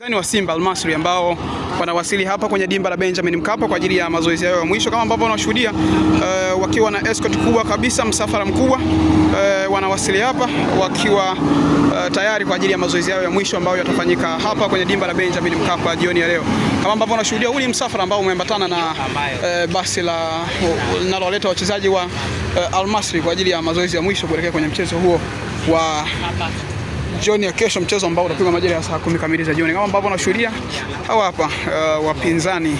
Wapinzani wa Simba Almasri ambao wanawasili hapa kwenye dimba la Benjamin Mkapa kwa ajili ya mazoezi yao ya mwisho kama ambavyo wanashuhudia, uh, wakiwa na escort kubwa kabisa, msafara mkubwa uh, wanawasili hapa wakiwa uh, tayari kwa ajili ya mazoezi yao ya mwisho ambayo yatafanyika hapa kwenye dimba la Benjamin Mkapa jioni ya leo, kama ambavyo wanashuhudia. Huu ni msafara ambao umeambatana na uh, basi linalowaleta wachezaji wa uh, Almasri kwa ajili ya mazoezi ya mwisho kuelekea kwenye mchezo huo wa jioni ya kesho, mchezo ambao utapigwa majira ya saa kumi kamili za jioni. Kama ambavyo unashuhudia hawa hapa uh, wapinzani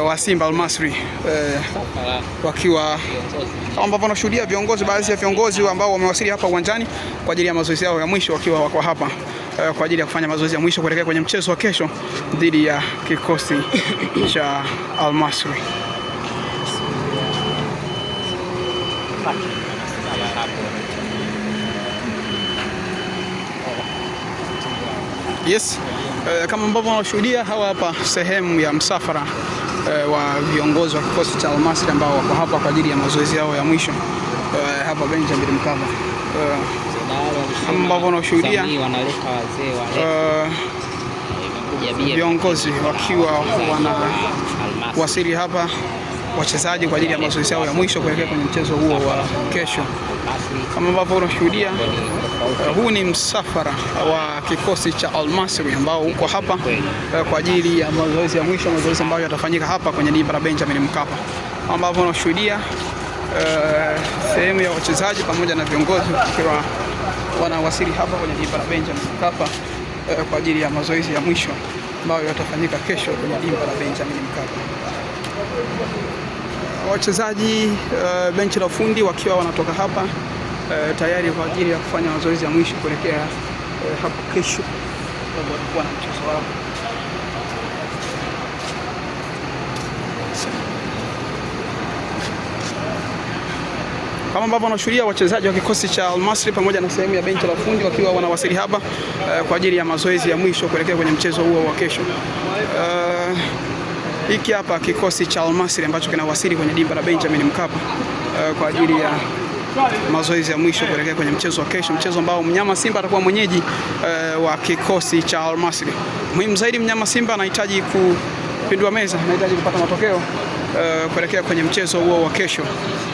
uh, wa Simba Almasri uh, wakiwa kama ambavyo unashuhudia viongozi, baadhi ya viongozi ambao wamewasili hapa uwanjani kwa ajili ya mazoezi yao ya mwisho, wakiwa wako hapa uh, kwa ajili ya kufanya mazoezi ya mwisho kuelekea kwenye mchezo wa kesho dhidi ya kikosi cha Almasri. Yes, eh, kama ambavyo wanashuhudia hawa hapa sehemu ya msafara eh, wa viongozi wa kikosi cha almasri ambao wako hapa kwa ajili ya mazoezi yao ya mwisho eh, hapa Benjamin Mkapa ambavyo wanashuhudia viongozi wakiwa wanawasili hapa wachezaji kwa ajili ya mazoezi yao ya mwisho kuelekea kwenye mchezo huo wa kesho. Kama ambavyo unashuhudia, eh, huu ni msafara wa kikosi cha Al Masry ambao uko hapa eh, kwa ajili ya mazoezi ya mwisho, mazoezi ambayo yatafanyika hapa kwenye dimba la Benjamin Mkapa, Kama ambavyo unashuhudia eh, sehemu ya wachezaji pamoja na viongozi wakiwa wanawasili hapa kwenye dimba la Benjamin Mkapa kwa ajili ya mazoezi ya mwisho ambayo yatafanyika kesho kwenye dimba la Benjamin Mkapa wachezaji uh, benchi la ufundi wakiwa wanatoka hapa uh, tayari kwa ajili ya kufanya mazoezi ya mwisho kuelekea uh, hapo kesho watakuwa na mchezo wao. kama ambavyo wanashuhudia wachezaji wa kikosi cha Almasri pamoja na sehemu ya benchi la ufundi wakiwa wanawasili hapa uh, kwa ajili ya mazoezi ya mwisho kuelekea kwenye mchezo huo wa kesho uh, hiki hapa kikosi cha Almasri ambacho kinawasili kwenye dimba la Benjamin Mkapa uh, kwa ajili ya mazoezi ya mwisho kuelekea kwenye mchezo wa kesho, mchezo ambao mnyama Simba atakuwa mwenyeji uh, wa kikosi cha Almasri. Muhimu zaidi, mnyama Simba anahitaji kupindua meza, anahitaji kupata matokeo uh, kuelekea kwenye mchezo huo wa kesho,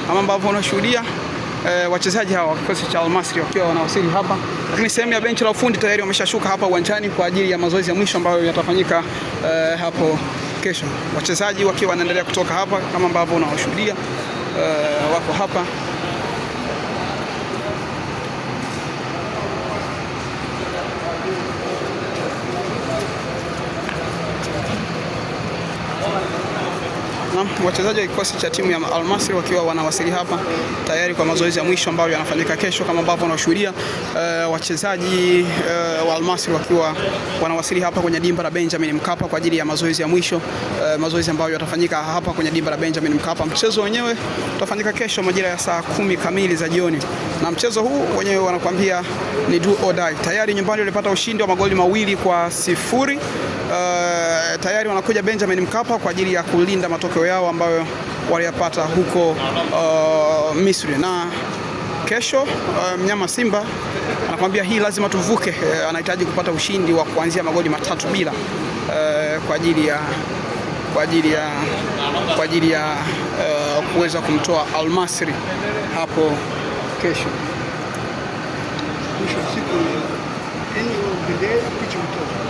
kama ambavyo unashuhudia uh, wachezaji hawa wa kikosi cha Almasri wakiwa wanawasili hapa, lakini sehemu ya benchi la ufundi tayari wameshashuka hapa uwanjani kwa ajili ya mazoezi ya mwisho ambayo yatafanyika uh, hapo kesho. Wachezaji wakiwa wanaendelea kutoka hapa kama ambavyo unawashuhudia, uh, wako hapa Na wachezaji wa kikosi cha timu ya Almasri wakiwa wanawasili hapa tayari kwa mazoezi ya mwisho ambayo yanafanyika kesho kama ambavyo unashuhudia. Uh, wachezaji uh, wa Almasri wakiwa wanawasili hapa kwenye dimba la Benjamin Mkapa kwa ajili ya mazoezi ya mwisho uh, mazoezi ambayo yatafanyika hapa kwenye dimba la Benjamin Mkapa. Mchezo wenyewe utafanyika kesho majira ya saa kumi kamili za jioni, na mchezo huu wenyewe wanakuambia ni do or die. Tayari nyumbani walipata ushindi wa magoli mawili kwa sifuri. Eh, tayari wanakuja Benjamin Mkapa kwa ajili ya kulinda matokeo yao ambayo waliyapata huko uh, Misri na kesho eh, mnyama Simba anakuambia hii lazima tuvuke. Uh, anahitaji kupata ushindi wa kuanzia magoli matatu bila uh, kwa ajili ya kwa ajili ya kwa ajili ya uh, kuweza kumtoa Almasri hapo kesho. Kesho siku